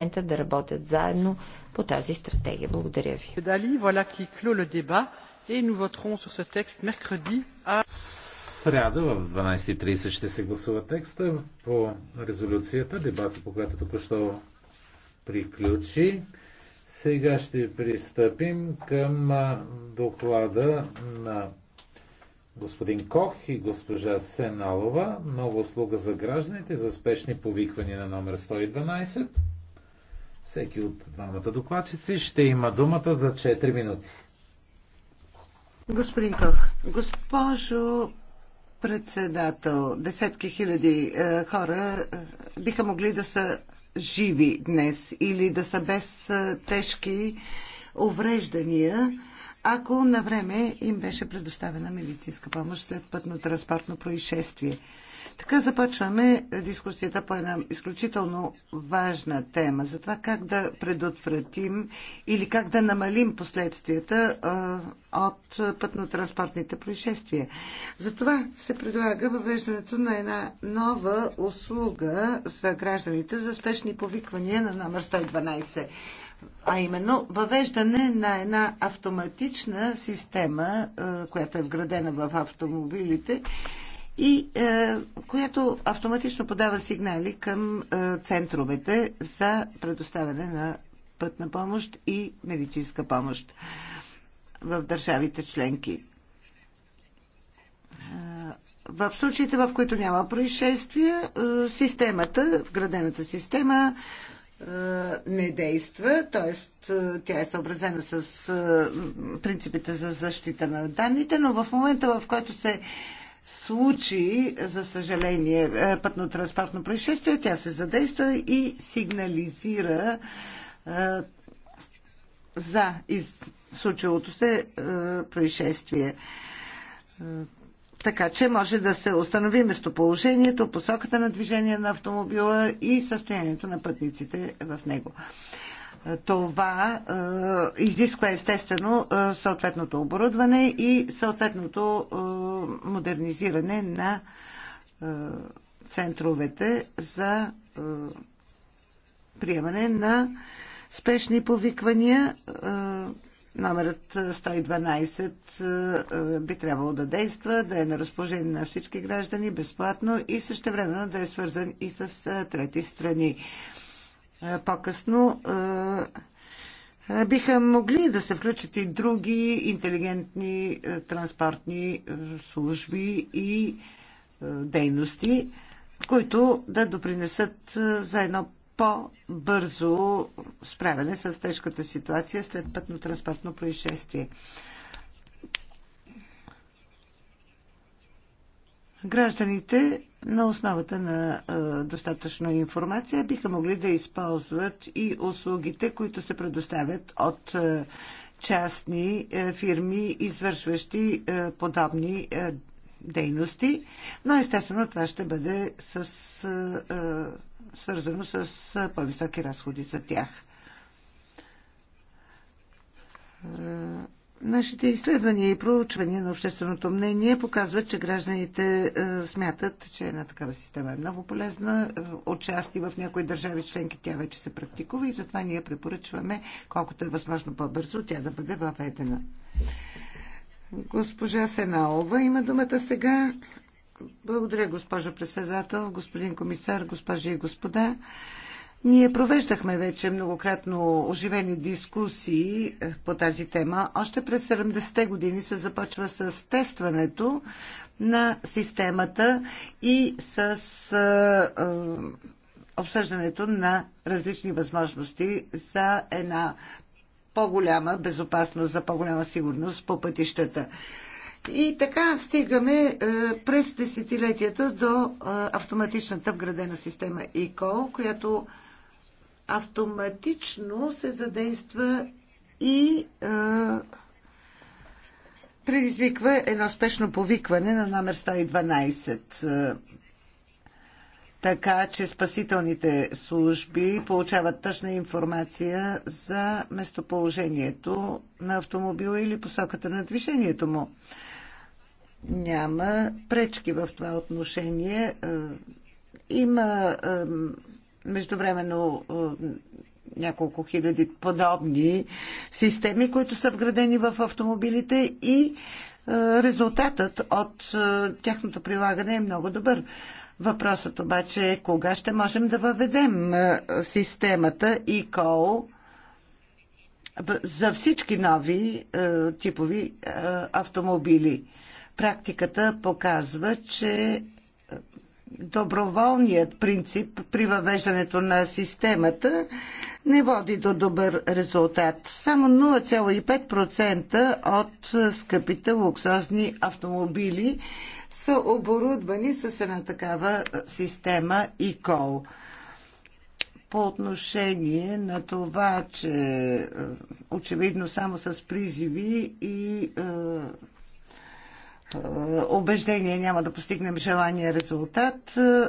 парламента да работят заедно по тази стратегия. Благодаря ви. Сряда в 12.30 ще се гласува текста по резолюцията, дебата по която току-що приключи. Сега ще пристъпим към доклада на господин Кох и госпожа Сеналова, нова услуга за гражданите за спешни повиквания на номер 112. Всеки от двамата докладчици ще има думата за 4 минути. Господин Кох, госпожо председател, десетки хиляди е, хора е, биха могли да са живи днес или да са без е, тежки увреждания, ако на време им беше предоставена медицинска помощ след пътно-транспортно происшествие. Така започваме дискусията по една изключително важна тема за това как да предотвратим или как да намалим последствията от пътно-транспортните происшествия. Затова се предлага въвеждането на една нова услуга за гражданите за спешни повиквания на номер 112 а именно въвеждане на една автоматична система, която е вградена в автомобилите, и е, която автоматично подава сигнали към е, центровете за предоставяне на пътна помощ и медицинска помощ в държавите членки. Е, в случаите, в които няма происшествия, е, системата, вградената система е, не действа, т.е. тя е съобразена с принципите за защита на данните, но в момента, в който се случи, за съжаление, е, пътно-транспортно происшествие, тя се задейства и сигнализира е, за из... случилото се е, происшествие. Така че може да се установи местоположението, посоката на движение на автомобила и състоянието на пътниците в него това е, изисква естествено е, съответното оборудване и съответното е, модернизиране на центровете за приемане на спешни повиквания. номерът 112 би трябвало да действа, да е на разположение на всички граждани безплатно и времено да е свързан и с трети страни. Е, по-късно е, е, биха могли да се включат и други интелигентни транспортни служби и дейности, които да допринесат за едно по-бързо справяне с тежката ситуация след пътно-транспортно происшествие. гражданите на основата на а, достатъчно информация биха могли да използват и услугите, които се предоставят от а, частни а, фирми, извършващи а, подобни а, дейности, но естествено това ще бъде с, а, свързано с по-високи разходи за тях Нашите изследвания и проучвания на общественото мнение показват, че гражданите е, смятат, че една такава система е много полезна. Е, Отчасти в някои държави членки тя вече се практикува и затова ние препоръчваме, колкото е възможно по-бързо, тя да бъде въведена. Госпожа Сенаова има думата сега. Благодаря, госпожа председател, господин комисар, госпожи и господа. Ние провеждахме вече многократно оживени дискусии е, по тази тема. Още през 70-те години се започва с тестването на системата и с е, е, обсъждането на различни възможности за една по-голяма безопасност, за по-голяма сигурност по пътищата. И така стигаме е, през десетилетията до е, автоматичната вградена система ECOL, която автоматично се задейства и е, предизвиква едно спешно повикване на номер 112. Така че спасителните служби получават точна информация за местоположението на автомобила или посоката на движението му няма пречки в това отношение. Е, има е, междувременно е, няколко хиляди подобни системи, които са вградени в автомобилите и резултатът от тяхното прилагане е много добър. Въпросът обаче е кога ще можем да въведем системата ECOL за всички нови типови автомобили. Практиката показва, че доброволният принцип при въвеждането на системата не води до добър резултат. Само 0,5% от скъпите луксозни автомобили са оборудвани с една такава е, система кол. По отношение на това, че е, очевидно само с призиви и е, е, убеждение няма да постигнем желания резултат. Е,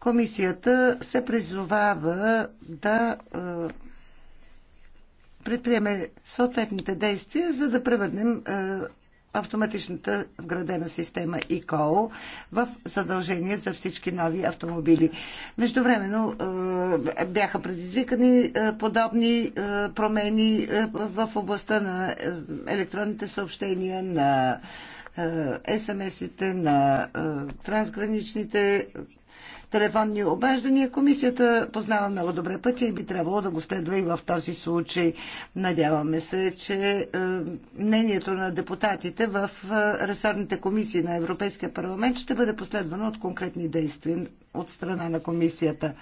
комисията се призовава да е, предприеме съответните действия, за да превърнем автоматичната вградена система ИКОЛ в задължение за всички нови автомобили. Междувременно е, бяха предизвикани е, подобни е, промени в областта на електронните съобщения, на СМС-ите, на трансграничните телефонни обаждания. Комисията познава много добре пътя и би трябвало да го следва и в този случай. Надяваме се, че е, мнението на депутатите в е, ресорните комисии на Европейския парламент ще бъде последвано от конкретни действия от страна на комисията.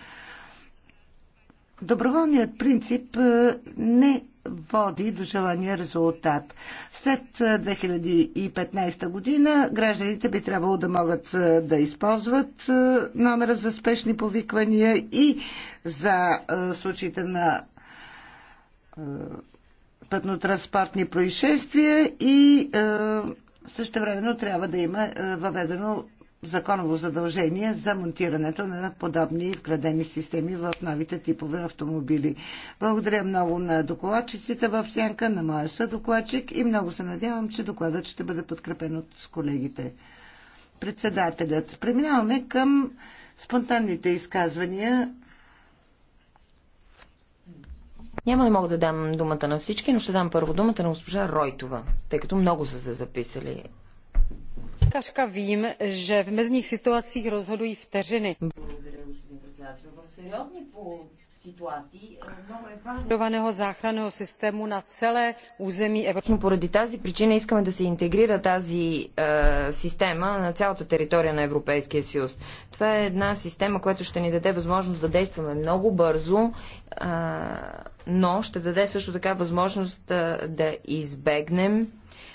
Доброволният принцип е, не води до желания резултат. След 2015 година гражданите би трябвало да могат да използват номера за спешни повиквания и за случаите на пътно-транспортни происшествия и също времено трябва да има въведено законово задължение за монтирането на подобни вградени системи в новите типове автомобили. Благодаря много на докладчиците в Сянка, на моя съдокладчик и много се надявам, че докладът ще бъде подкрепен от колегите. Председателят. Преминаваме към спонтанните изказвания. Няма да мога да дам думата на всички, но ще дам първо думата на госпожа Ройтова, тъй като много са се записали. Кашка вим, че в мезних ситуациях разходуи втежини. Благодаря, господин председател. В сериозни ситуации е, много е záchranného systému на целé území Европа. Поради тази причина искаме да се интегрира тази е, система на цялата територия на Европейския съюз. Това е една система, която ще ни даде възможност да действаме много бързо, е, но ще даде също така възможност е, да избегнем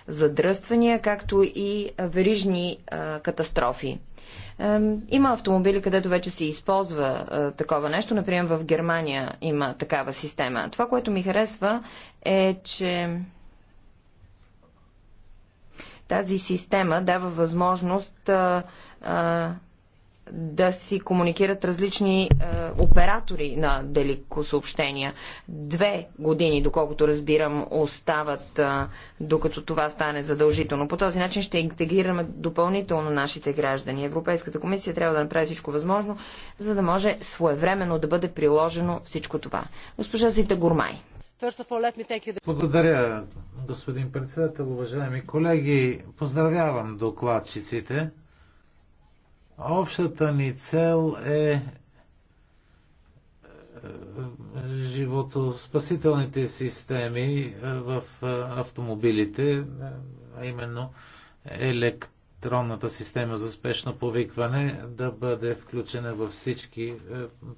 задръствания, както и верижни катастрофи. Има автомобили, където вече се използва такова нещо. Например, в Германия има такава система. Това, което ми харесва е, че тази система дава възможност да си комуникират различни е, оператори на съобщения. Две години, доколкото разбирам, остават, е, докато това стане задължително. По този начин ще интегрираме допълнително нашите граждани. Европейската комисия трябва да направи всичко възможно, за да може своевременно да бъде приложено всичко това. Госпожа Зита Гурмай. Благодаря, господин председател, уважаеми колеги. Поздравявам докладчиците Общата ни цел е, е животоспасителните системи е, в е, автомобилите, а именно електронната система за спешно повикване да бъде включена във всички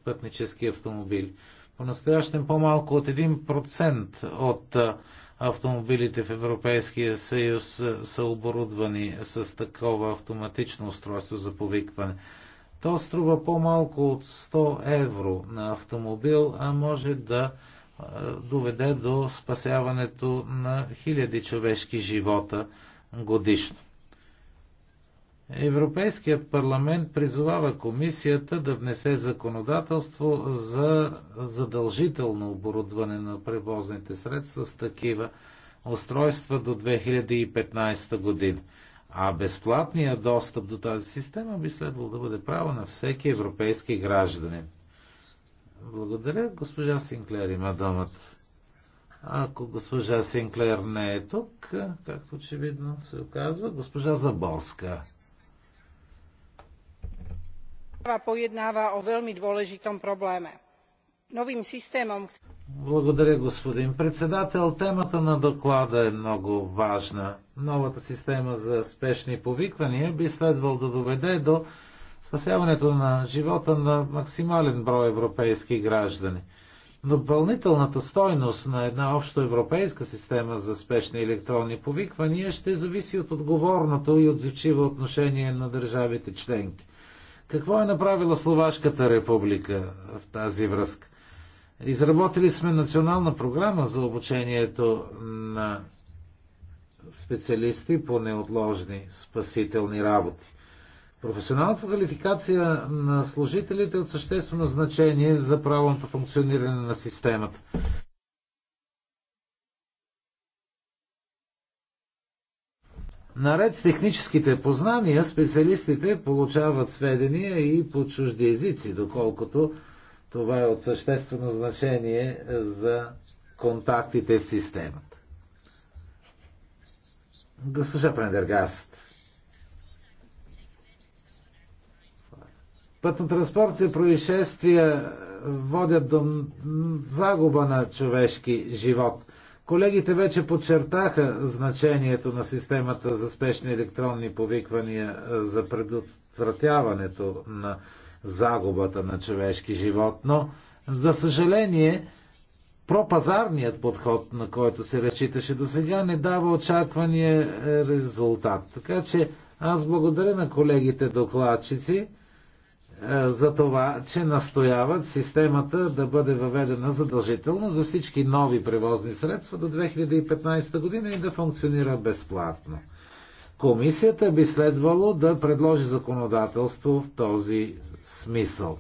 пътнически автомобили. По-настоящем по-малко от 1% от автомобилите в Европейския съюз е, са оборудвани с такова автоматично устройство за повикване. То струва по-малко от 100 евро на автомобил, а може да е, доведе до спасяването на хиляди човешки живота годишно. Европейският парламент призовава комисията да внесе законодателство за задължително оборудване на превозните средства с такива устройства до 2015 година. А безплатният достъп до тази система би следвало да бъде право на всеки европейски гражданин. Благодаря. Госпожа Синклер има думата. Ако госпожа Синклер не е тук, както очевидно се оказва, госпожа Заборска pojednáva o veľmi dôležitom probléme. Новим системом... Благодаря, господин председател. Темата на доклада е много важна. Новата система за спешни повиквания би следвал да доведе до спасяването на живота на максимален брой европейски граждани. Допълнителната стойност на една европейска система за спешни електронни повиквания ще зависи от отговорното и отзивчиво отношение на държавите членки – какво е направила Словашката република в тази връзка? Изработили сме национална програма за обучението на специалисти по неотложни спасителни работи. Професионалната квалификация на служителите е от съществено значение за правилното функциониране на системата. Наред с техническите познания, специалистите получават сведения и по чужди езици, доколкото това е от съществено значение за контактите в системата. Госпожа Прендергаст. Пътно-транспортните происшествия водят до загуба на човешки живот. Колегите вече подчертаха значението на системата за спешни електронни повиквания е, за предотвратяването на загубата на човешки живот, но за съжаление пропазарният подход, на който се разчиташе до сега, не дава очаквания е, резултат. Така че аз благодаря на колегите докладчици е, за това, че настояват системата да бъде въведена задължително за всички нови превозни средства до 2015 година и да функционира безплатно. Комисията би следвало да предложи законодателство в този смисъл.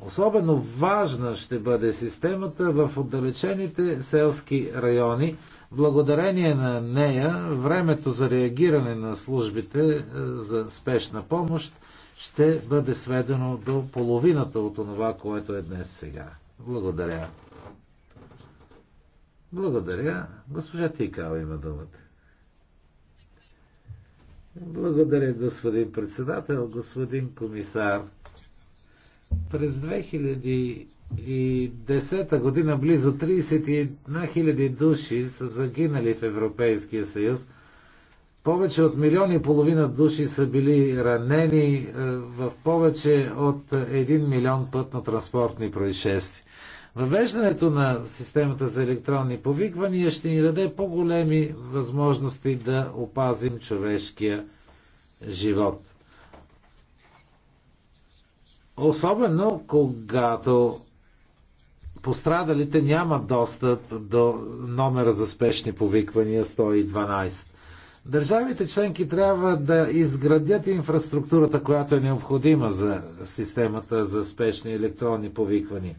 Особено важна ще бъде системата в отдалечените селски райони. Благодарение на нея времето за реагиране на службите е, за спешна помощ – ще бъде сведено до половината от това, което е днес сега. Благодаря. Благодаря. Госпожа Тикава има думата. Благодаря, господин председател, господин комисар. През 2010 година близо 31 000 души са загинали в Европейския съюз – повече от милиони и половина души са били ранени е, в повече от 1 милион пътно-транспортни происшествия. Въвеждането на системата за електронни повиквания ще ни даде по-големи възможности да опазим човешкия живот. Особено когато пострадалите нямат достъп до номера за спешни повиквания 112. Държавите членки трябва да изградят инфраструктурата, която е необходима за системата за спешни електронни повиквания.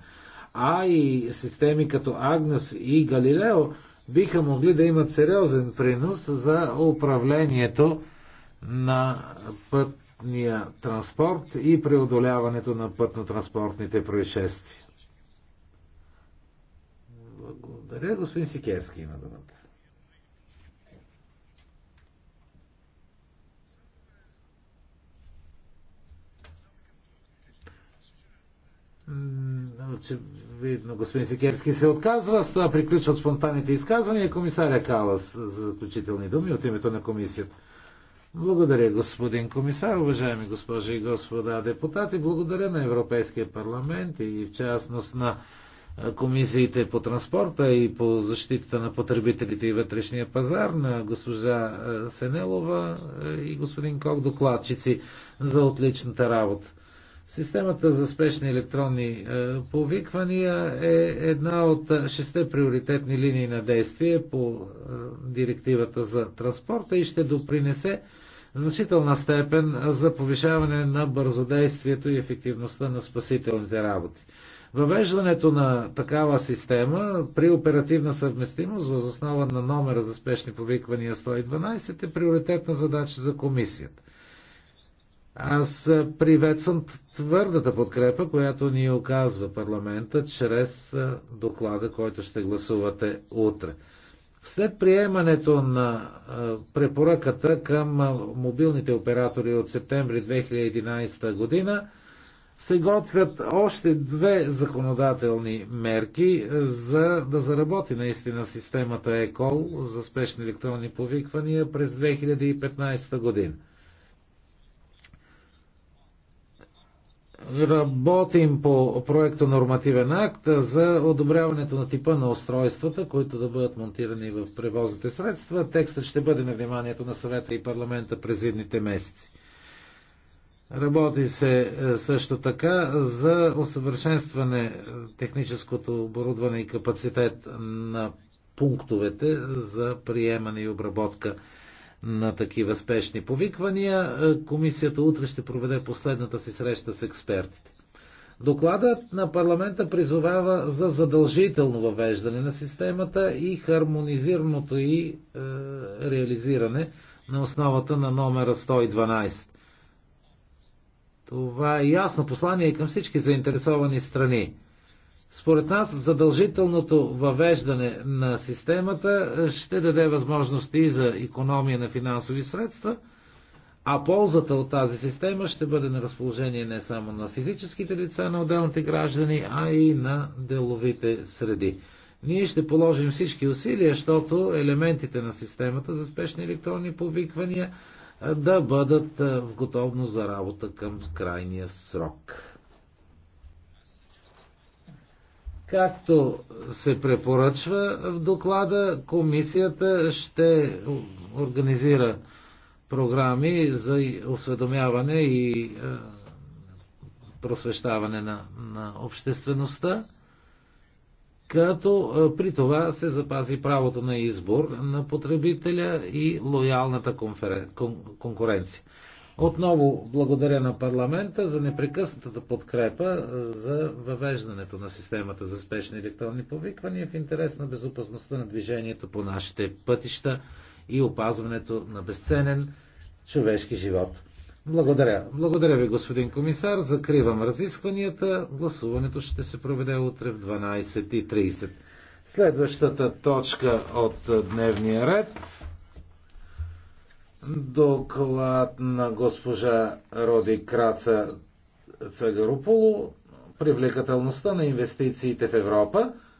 А и системи като Агнес и Галилео биха могли да имат сериозен принос за управлението на пътния транспорт и преодоляването на пътно-транспортните происшествия. Благодаря, господин Сикерски има думата. Очевидно, господин Сикерски се отказва. С това приключват спонтанните изказвания. Комисаря Калас за заключителни думи от името на комисията. Благодаря, господин комисар, уважаеми госпожи и господа депутати. Благодаря на Европейския парламент и в частност на комисиите по транспорта и по защитата на потребителите и вътрешния пазар на госпожа Сенелова и господин Кок докладчици за отличната работа. Системата за спешни електронни е, повиквания е една от шесте приоритетни линии на действие по е, директивата за транспорта и ще допринесе значителна степен за повишаване на бързодействието и ефективността на спасителните работи. Въвеждането на такава система при оперативна съвместимост възоснова на номера за спешни повиквания 112 е приоритетна задача за комисията. Аз е, приветствам твърдата подкрепа, която ни оказва парламента чрез е, доклада, който ще гласувате утре. След приемането на е, препоръката към мобилните оператори от септември 2011 година, се готвят още две законодателни мерки за да заработи наистина системата ЕКОЛ за спешни електронни повиквания през 2015 година. Работим по проекта нормативен акт за одобряването на типа на устройствата, които да бъдат монтирани в превозните средства. Текстът ще бъде на вниманието на съвета и парламента през едните месеци. Работи се е, също така за усъвършенстване е, техническото оборудване и капацитет на пунктовете за приемане и обработка на такива спешни повиквания. Е, комисията утре ще проведе последната си среща с експертите. Докладът на парламента призовава за задължително въвеждане на системата и хармонизираното и е, реализиране на основата на номера 112. Това е ясно послание към всички заинтересовани страни. Според нас задължителното въвеждане на системата ще даде възможности за економия на финансови средства, а ползата от тази система ще бъде на разположение не само на физическите лица на отделните граждани, а и на деловите среди. Ние ще положим всички усилия, защото елементите на системата за спешни електронни повиквания да бъдат в готовност за работа към крайния срок. Както се препоръчва в доклада, комисията ще организира програми за осведомяване и е, просвещаване на, на обществеността, като е, при това се запази правото на избор на потребителя и лоялната конкуренция. Отново благодаря на парламента за непрекъснатата подкрепа е, за въвеждането на системата за спешни електронни повиквания в интерес на безопасността на движението по нашите пътища и опазването на безценен човешки живот. Благодаря. Благодаря ви, господин комисар. Закривам разискванията. Гласуването ще се проведе утре в 12.30. Следващата точка от дневния ред Доклад на госпожа Роди Краца Цагаруполо привлекателността на инвестициите в Европа